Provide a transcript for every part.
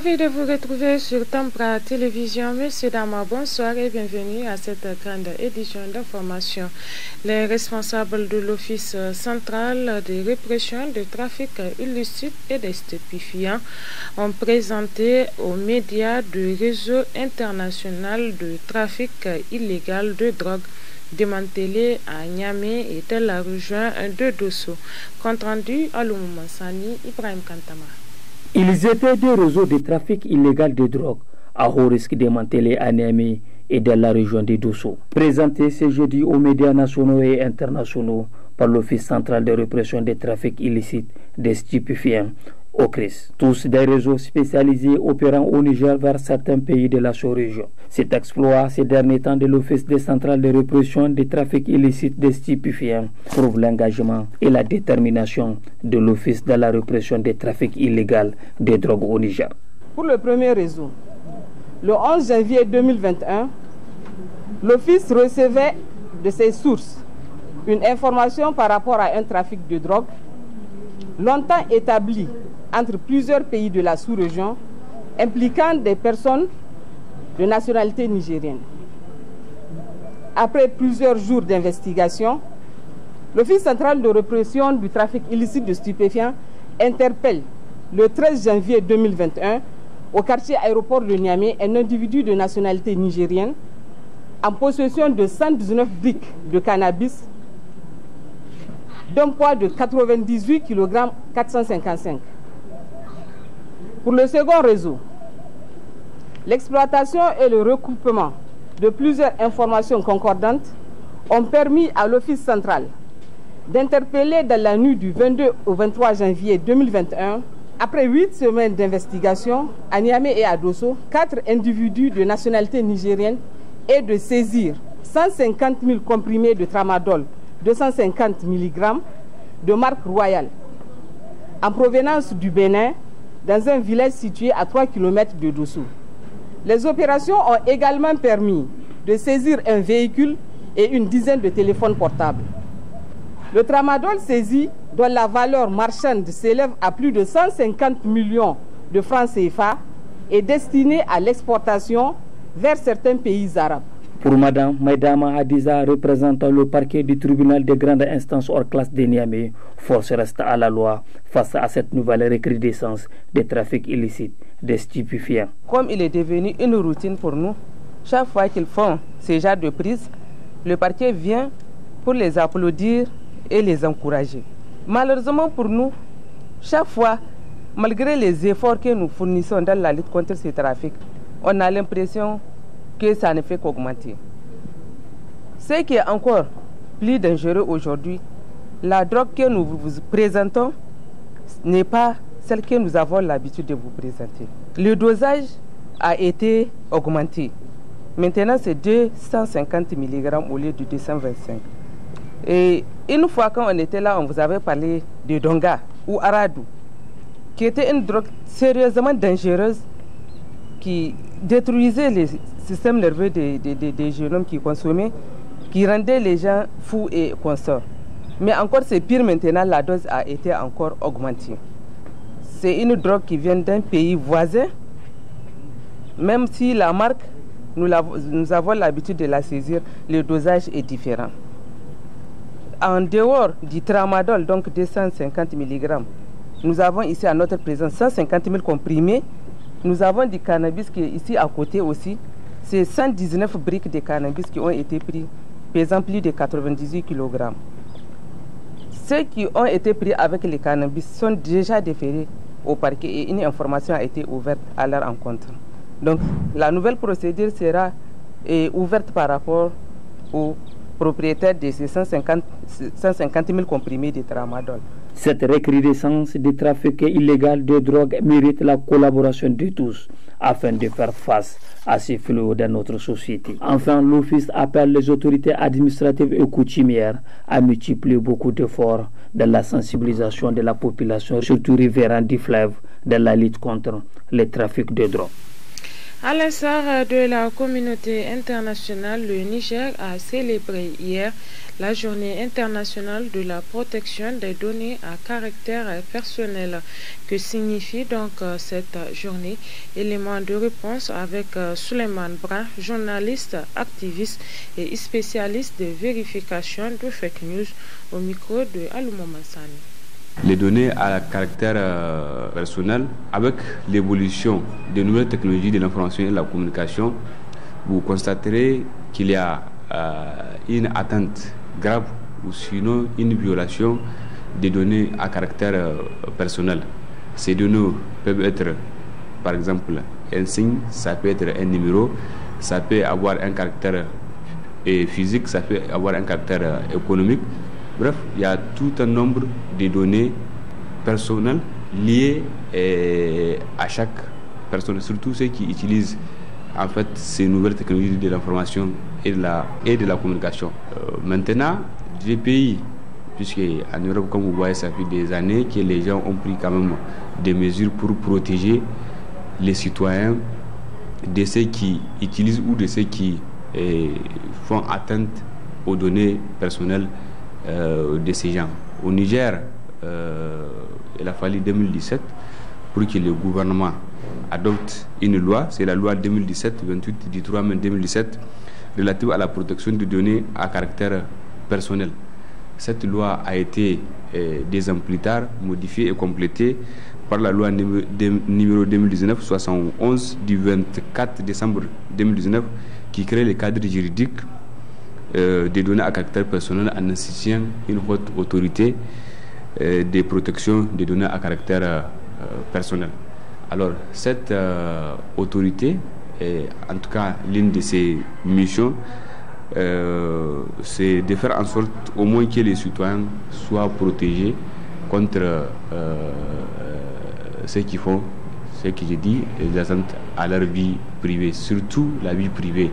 Ravi de vous retrouver sur Tampra Télévision. Monsieur Dama, bonsoir et bienvenue à cette grande édition d'information. Les responsables de l'Office central de répression de trafic illicite et des stupéfiants ont présenté aux médias du réseau international de trafic illégal de drogue démantelé à Niamey et a la région de Dosso. Compte rendu à Sani Ibrahim Kantama. Ils étaient des réseaux de trafic illégal de drogue à haut risque de les Anémie et de la région des Dosso. Présenté ce jeudi aux médias nationaux et internationaux par l'Office central de répression des trafics illicites des stupéfiants, au Tous des réseaux spécialisés opérant au Niger vers certains pays de la sous-région. Cet exploit, ces derniers temps de l'Office des centrales de répression des trafics illicites des stupéfiants, prouve l'engagement et la détermination de l'Office dans la répression des trafics illégaux des drogues au Niger. Pour le premier réseau, le 11 janvier 2021, l'Office recevait de ses sources une information par rapport à un trafic de drogue longtemps établi entre plusieurs pays de la sous-région impliquant des personnes de nationalité nigérienne. Après plusieurs jours d'investigation, l'Office central de répression du trafic illicite de stupéfiants interpelle le 13 janvier 2021 au quartier aéroport de Niamey un individu de nationalité nigérienne en possession de 119 briques de cannabis d'un poids de 98 kg 455. Pour le second réseau, l'exploitation et le recoupement de plusieurs informations concordantes ont permis à l'Office central d'interpeller dans la nuit du 22 au 23 janvier 2021, après huit semaines d'investigation à Niamey et à Dosso, quatre individus de nationalité nigérienne et de saisir 150 000 comprimés de tramadol 250 mg de marque royale en provenance du Bénin dans un village situé à 3 km de dessous. Les opérations ont également permis de saisir un véhicule et une dizaine de téléphones portables. Le tramadol saisi, dont la valeur marchande s'élève à plus de 150 millions de francs CFA, est destiné à l'exportation vers certains pays arabes. Pour Madame Maïdama Adiza, représentant le parquet du tribunal des grandes instances hors classe de Niamey, force reste à la loi face à cette nouvelle recrudescence des trafics illicites, des stupéfiants. Comme il est devenu une routine pour nous, chaque fois qu'ils font ce genre de prise, le parquet vient pour les applaudir et les encourager. Malheureusement pour nous, chaque fois, malgré les efforts que nous fournissons dans la lutte contre ces trafics, on a l'impression que ça ne fait qu'augmenter. Ce qui est encore plus dangereux aujourd'hui, la drogue que nous vous présentons n'est pas celle que nous avons l'habitude de vous présenter. Le dosage a été augmenté. Maintenant, c'est 250 mg au lieu de 225. Et une fois quand on était là, on vous avait parlé de Donga ou Aradou, qui était une drogue sérieusement dangereuse qui détruisait les systèmes nerveux des, des, jeunes hommes qui consommaient, qui rendaient les gens fous et consorts. Mais encore, c'est pire maintenant, la dose a été encore augmentée. C'est une drogue qui vient d'un pays voisin, même si la marque, nous, nous avons l'habitude de la saisir, le dosage est différent. En dehors du tramadol, donc 250 mg, nous avons ici à notre présence 150 000 comprimés nous avons du cannabis qui est ici à côté aussi. C'est 119 briques de cannabis qui ont été prises, pesant plus de 98 kg. Ceux qui ont été pris avec le cannabis sont déjà déférés au parquet et une information a été ouverte à leur encontre. Donc la nouvelle procédure sera ouverte par rapport aux propriétaires de ces 150, 150 000 comprimés de tramadol. Cette recrudescence des trafics illégaux de drogue mérite la collaboration de tous afin de faire face à ces fléaux dans notre société. Enfin, l'Office appelle les autorités administratives et coutumières à multiplier beaucoup d'efforts dans la sensibilisation de la population, surtout riverains du fleuve, dans la lutte contre les trafics de drogue. À l'instar de la communauté internationale, le Niger a célébré hier la journée internationale de la protection des données à caractère personnel. Que signifie donc euh, cette journée Élément de réponse avec euh, Suleiman Brun, journaliste, activiste et spécialiste de vérification de fake news au micro de Aloumou les données à caractère euh, personnel, avec l'évolution des nouvelles technologies de l'information et de la communication, vous constaterez qu'il y a euh, une atteinte grave ou sinon une violation des données à caractère euh, personnel. Ces données peuvent être, par exemple, un signe, ça peut être un numéro, ça peut avoir un caractère physique, ça peut avoir un caractère économique. Bref, il y a tout un nombre de données personnelles liées eh, à chaque personne, surtout ceux qui utilisent en fait ces nouvelles technologies de l'information et de la, et de la communication. Euh, maintenant, j'ai pays, puisque en Europe, comme vous voyez, ça fait des années que les gens ont pris quand même des mesures pour protéger les citoyens de ceux qui utilisent ou de ceux qui eh, font atteinte aux données personnelles euh, de ces gens. Au Niger, euh, il a fallu 2017 pour que le gouvernement adopte une loi, c'est la loi 2017-28 du 3 mai 2017 relative à la protection des données à caractère personnel. Cette loi a été, euh, ans plus tard, modifiée et complétée par la loi numéro, 2019-71 du 24 décembre 2019 qui crée le cadre juridique. Euh, des données à caractère personnel en insistant une haute autorité euh, de protection des données à caractère euh, personnel. Alors, cette autorité est en tout cas l'une de ses missions. c'est de faire en sorte au moins que les citoyens soient protégés contre ceux qui font, ce que j'ai dit, les attentes à leur vie privée, surtout la vie privée.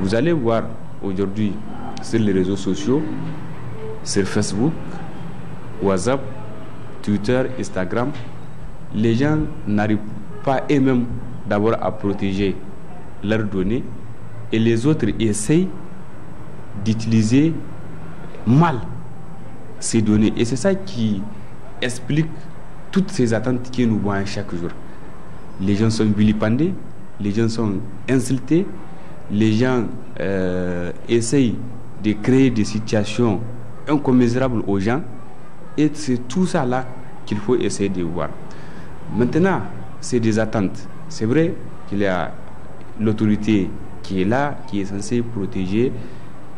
vous allez voir aujourd'hui sur les réseaux sociaux, sur Facebook, WhatsApp, Twitter, Instagram, les gens n'arrivent pas eux-mêmes d'abord à protéger leurs données et les autres essayent d'utiliser mal ces données. Et c'est ça qui explique toutes ces attentes qui nous voient chaque jour. Les gens sont vilipendés, les gens sont insultés, les gens euh, essayent de créer des situations incommisérables aux gens. Et c'est tout ça là qu'il faut essayer de voir. Maintenant, c'est des attentes. C'est vrai qu'il y a l'autorité qui est là, qui est censée protéger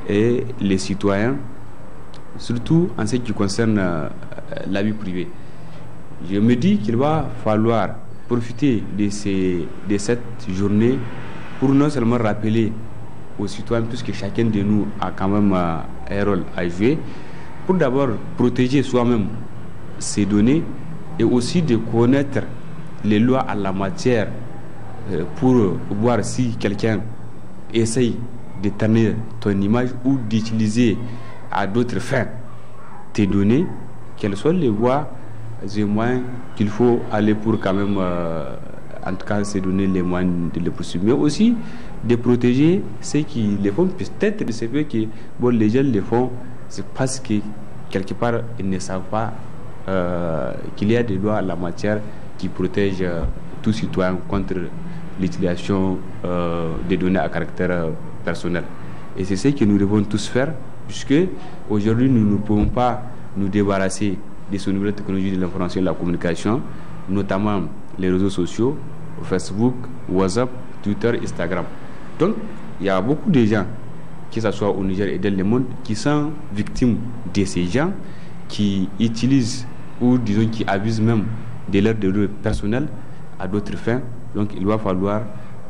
les citoyens, surtout en ce qui concerne euh, la vie privée. Je me dis qu'il va falloir profiter de cette journée pour non seulement rappeler aux citoyens, puisque chacun de nous a quand même euh, un rôle à jouer, pour d'abord protéger soi-même ses données et aussi de connaître les lois à la matière euh, pour voir si quelqu'un essaye de tenir ton image ou d'utiliser à d'autres fins tes données, quelles sont les voies et moyens qu'il faut aller pour quand même euh, en tout cas se donner les moyens de le poursuivre, mais aussi de protéger ceux qui les font. Peut-être c'est vrai que bon, les jeunes les font, c'est parce que quelque part ils ne savent pas euh, qu'il y a des lois en la matière qui protègent euh, tout citoyen contre l'utilisation euh, des données à caractère personnel. Et c'est ce que nous devons tous faire, puisque aujourd'hui nous ne pouvons pas nous débarrasser de ces nouvelles technologies de l'information et de la communication, notamment les réseaux sociaux, Facebook, WhatsApp, Twitter, Instagram. Donc, il y a beaucoup de gens, que ce soit au Niger et dans le monde, qui sont victimes de ces gens qui utilisent ou disons qui abusent même de leur données personnelles à d'autres fins. Donc, il va falloir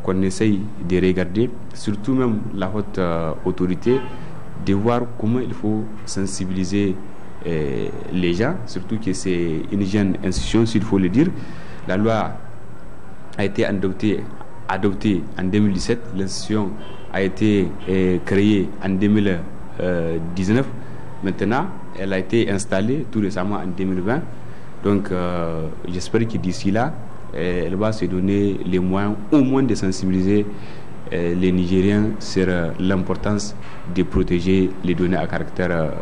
qu'on essaye de regarder, surtout même la haute euh, autorité, de voir comment il faut sensibiliser euh, les gens, surtout que c'est une jeune institution, s'il faut le dire. La loi a été adoptée, en 2017, l'institution a été euh, créée en 2019. Euh, Maintenant, elle a été installée tout récemment en 2020. Donc, euh, j'espère que d'ici là, elle va se donner les moyens au moins de sensibiliser les Nigériens sur l'importance de protéger les données à caractère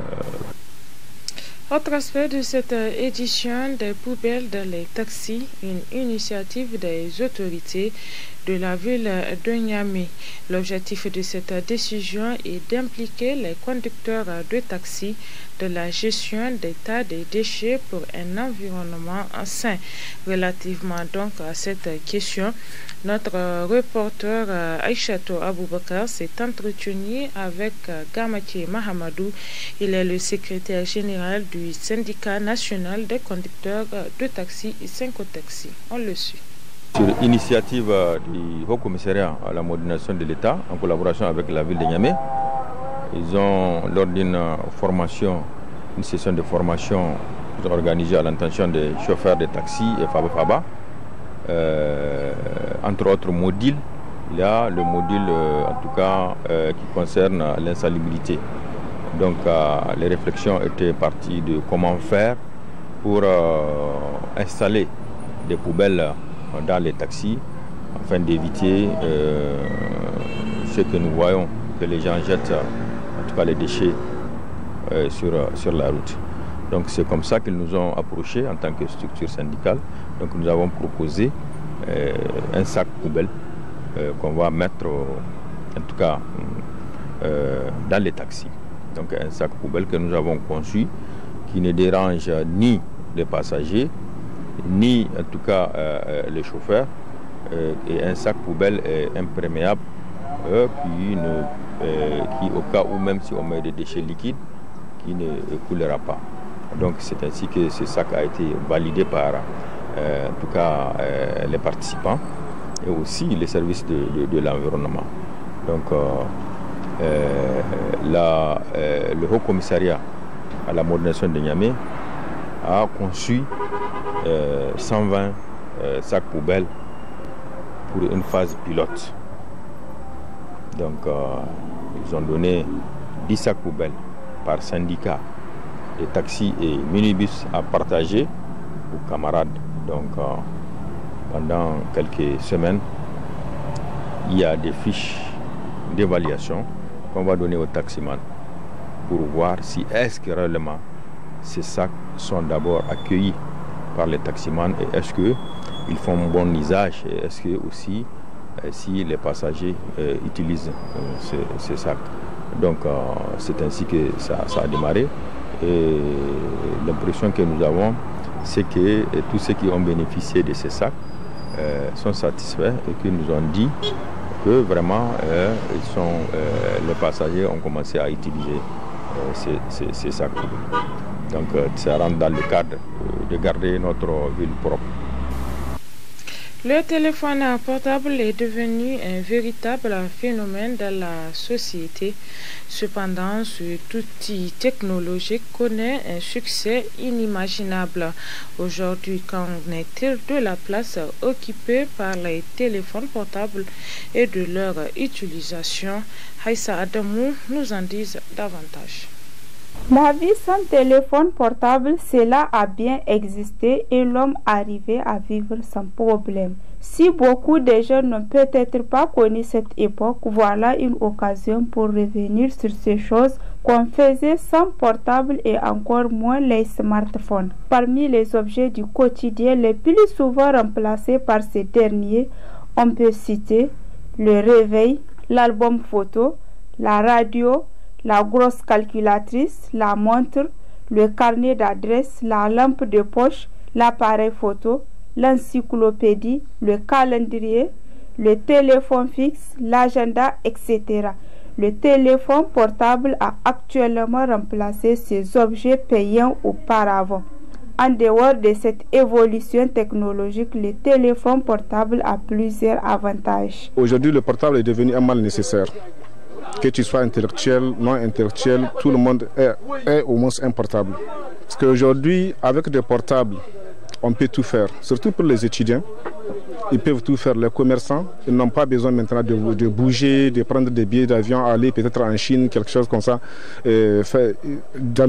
autre aspect de cette euh, édition des poubelles dans les taxis, une initiative des autorités de la ville de Niamey. L'objectif de cette décision est d'impliquer les conducteurs de taxis de la gestion des tas de déchets pour un environnement sain. Relativement donc à cette question, notre reporter euh, Aïchato Aboubakar s'est entretenu avec euh, Gamatier Mahamadou. Il est le secrétaire général du syndicat national des conducteurs euh, de taxi et Taxi. On le suit. Sur l'initiative du Haut Commissariat à la modernisation de l'État, en collaboration avec la ville de Niamey, ils ont, lors d'une formation, une session de formation organisée à l'intention des chauffeurs de taxi et Faba euh, entre autres modules. Il y a le module, euh, en tout cas, euh, qui concerne l'insalubrité. Donc, les réflexions étaient parties de comment faire pour installer des poubelles dans les taxis afin d'éviter ce que nous voyons, que les gens jettent, en tout cas les déchets, sur, sur la route. Donc c'est comme ça qu'ils nous ont approchés en tant que structure syndicale. Donc nous avons proposé euh, un sac poubelle euh, qu'on va mettre, euh, en tout cas, dans les taxis. Donc un sac poubelle que nous avons conçu qui ne dérange ni les passagers, ni en tout cas les chauffeurs. et un sac poubelle imperméable qui, qui, au cas où même si on met des déchets liquides, qui ne coulera pas. Donc c'est ainsi que ce sac a été validé par euh, tout cas euh, les participants et aussi les services de, l'environnement. Donc euh, le Haut Commissariat à la modernisation de Niamey a conçu 120 sacs poubelles pour une phase pilote. Donc ils ont donné 10 sacs poubelles par syndicat les taxis et minibus à partager aux camarades. Donc euh, pendant quelques semaines, il y a des fiches d'évaluation qu'on va donner aux taximans pour voir si est-ce que réellement ces sacs sont d'abord accueillis par les taximans et est-ce qu'ils font bon usage et est-ce que aussi euh, si les passagers euh, utilisent ces, sacs. Donc c'est ainsi que ça a démarré l'impression que nous avons, c'est que euh, tous ceux qui ont bénéficié de ces sacs euh, sont satisfaits et qu'ils nous ont dit que vraiment euh, les passagers ont commencé à utiliser ces, sacs. Donc ça rentre dans le cadre de garder notre ville propre. Le téléphone portable est devenu un véritable phénomène dans la société. Cependant, cet outil technologique connaît un succès inimaginable. Aujourd'hui, qu'en est-il de la place occupée par les téléphones portables et de leur utilisation Haïssa Adamou nous en dit davantage. La vie sans téléphone portable, cela a bien existé et l'homme arrivait à vivre sans problème. Si beaucoup de gens n'ont peut-être pas connu cette époque, voilà une occasion pour revenir sur ces choses qu'on faisait sans portable et encore moins les smartphones. Parmi les objets du quotidien les plus souvent remplacés par ces derniers, on peut citer le réveil, l'album photo, la radio, la grosse calculatrice, la montre, le carnet d'adresse, la lampe de poche, l'appareil photo, l'encyclopédie, le calendrier, le téléphone fixe, l'agenda, etc. Le téléphone portable a actuellement remplacé ces objets payants auparavant. En dehors de cette évolution technologique, le téléphone portable a plusieurs avantages. Aujourd'hui, le portable est devenu un mal nécessaire que tu sois intellectuel, non intellectuel, tout le monde est, au moins un portable. Parce qu'aujourd'hui, avec des portables, on peut tout faire, surtout pour les étudiants. Ils peuvent tout faire, les commerçants. Ils n'ont pas besoin maintenant de, bouger, de prendre des billets d'avion, aller peut-être en Chine, quelque chose comme ça. dans,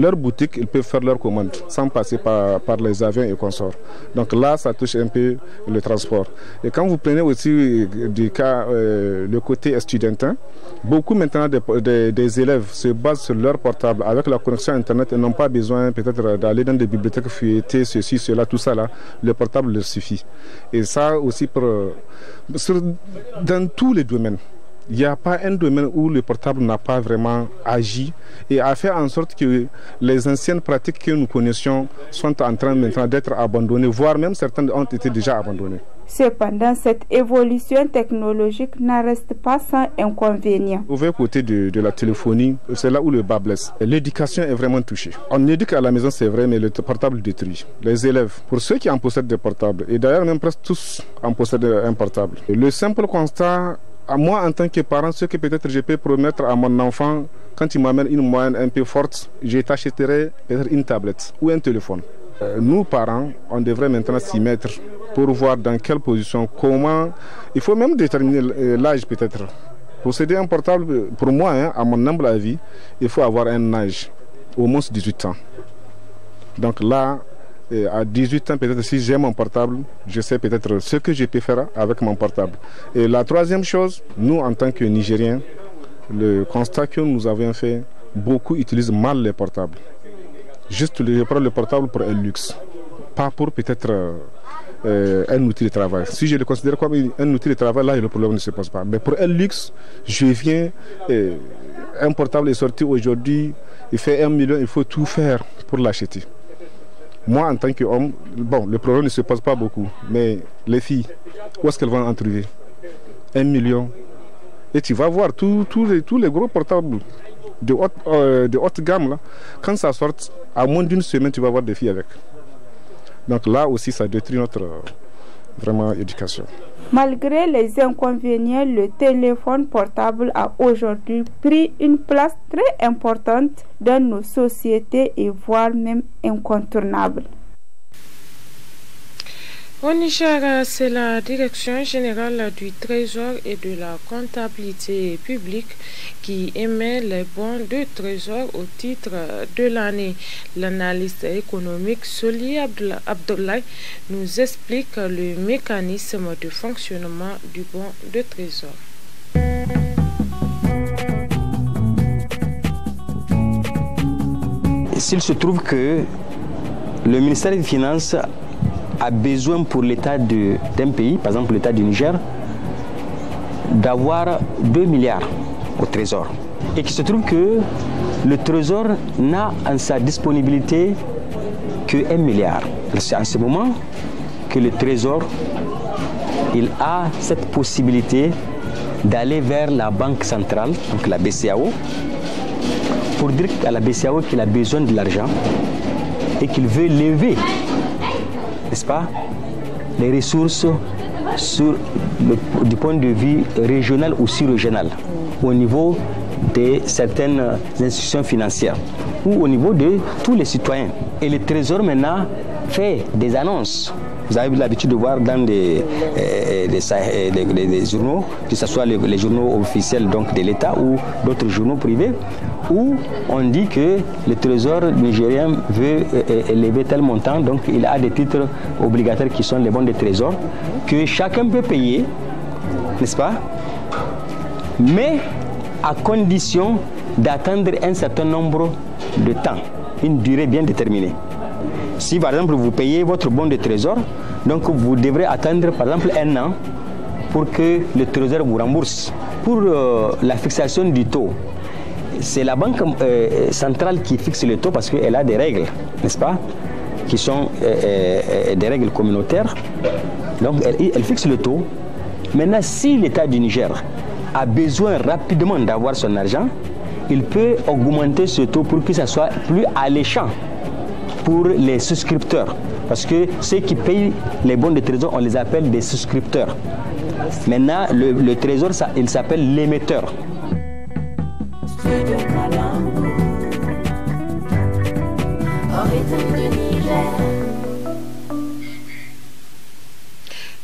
leur boutique, ils peuvent faire leurs commandes sans passer par, les avions et consorts. Donc là, ça touche un peu le transport. Et quand vous prenez aussi euh, du cas, euh, le côté studentin, beaucoup maintenant des, élèves se basent sur leur portable avec la connexion Internet et n'ont pas besoin peut-être d'aller dans des bibliothèques feuilletées, ceci, cela, tout ça là. Le portable leur suffit. Et et ça aussi, dans tous les domaines, il n'y a pas un domaine où le portable n'a pas vraiment agi et a fait en sorte que les anciennes pratiques que nous connaissions sont en train maintenant d'être abandonnées, voire même certaines ont été déjà abandonnées. Cependant, cette évolution technologique n'en reste pas sans inconvénient. Au côté de, la téléphonie, c'est là où le bas blesse. L'éducation est vraiment touchée. On éduque à la maison, c'est vrai, mais le portable détruit. Les élèves, pour ceux qui en possèdent des portables, et d'ailleurs même presque tous en possèdent un portable, le simple constat moi en tant que parent, ce que peut-être je peux promettre à mon enfant, quand il m'amène une moyenne un peu forte, je t'achèterai peut-être une tablette ou un téléphone. Euh, nous, parents, on devrait maintenant s'y mettre pour voir dans quelle position, comment. Il faut même déterminer euh, l'âge peut-être. Pour un portable, euh, pour moi, hein, à mon humble avis, il faut avoir un âge, au moins 18 ans. Donc là, à 18 ans, peut-être si j'ai mon portable, je sais peut-être ce que je peux faire avec mon portable. Et la troisième chose, nous en tant que Nigériens, le constat que nous avons fait, beaucoup utilisent mal les portables juste le, prendre le portable pour un luxe, pas pour peut-être euh, euh, un outil de travail. Si je le considère comme un outil de travail, là, le problème ne se pose pas. Mais pour un luxe, je viens, euh, un portable est sorti aujourd'hui, il fait un million, il faut tout faire pour l'acheter. Moi, en tant qu'homme, bon, le problème ne se pose pas beaucoup, mais les filles, où est-ce qu'elles vont en trouver Un million. Et tu vas voir tous les gros portables de haute, euh, de haute gamme, quand ça sort, à moins d'une semaine, tu vas avoir des filles avec. Donc là aussi, ça détruit notre euh, vraiment éducation. Malgré les inconvénients, le téléphone portable a aujourd'hui pris une place très importante dans nos sociétés et voire même incontournable. Au Niger, c'est la Direction générale du Trésor et de la comptabilité publique qui émet les bons de trésor au titre de l'année. L'analyste économique Soli Abdoulaye nous explique le mécanisme de fonctionnement du bon de trésor. S'il se trouve que le ministère des Finances a besoin pour l'État d'un pays, par exemple l'État du Niger, d'avoir 2 milliards au trésor. Et qui se trouve que le trésor n'a en sa disponibilité que 1 milliard. C'est en ce moment que le trésor, il a cette possibilité d'aller vers la banque centrale, donc la BCAO, pour dire à la BCAO qu'il a besoin de l'argent et qu'il veut lever n'est-ce pas, les ressources sur du point de vue régional ou sur-régional, au niveau de certaines institutions financières ou au niveau de tous les citoyens. Et le Trésor maintenant fait des annonces vous avez l'habitude de voir dans eh, eh, eh, des des journaux, que ce soit les, journaux officiels donc, de l'État ou d'autres journaux privés, où on dit que le trésor nigérien veut élever tel montant, donc il a des titres obligataires qui sont les bons de trésor, que chacun peut payer, n'est-ce pas Mais à condition d'attendre un certain nombre de temps, une durée bien déterminée. Si par exemple vous payez votre bon de trésor, donc vous devrez attendre par exemple un an pour que le trésor vous rembourse. Pour euh, la fixation du taux, c'est la banque euh, centrale qui fixe le taux parce qu'elle a des règles, n'est-ce pas Qui sont euh, des règles communautaires. Donc elle, fixe le taux. Maintenant, si l'État du Niger a besoin rapidement d'avoir son argent, il peut augmenter ce taux pour que ça soit plus alléchant pour les souscripteurs. Parce que ceux qui payent les bons de trésor, on les appelle des souscripteurs. Maintenant, le, trésor, ça, il s'appelle l'émetteur.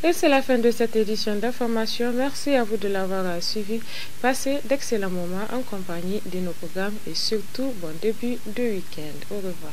Et c'est la fin de cette édition d'information. Merci à vous de l'avoir suivi. Passez d'excellents moments en compagnie de nos programmes et surtout bon début de week-end. Au revoir.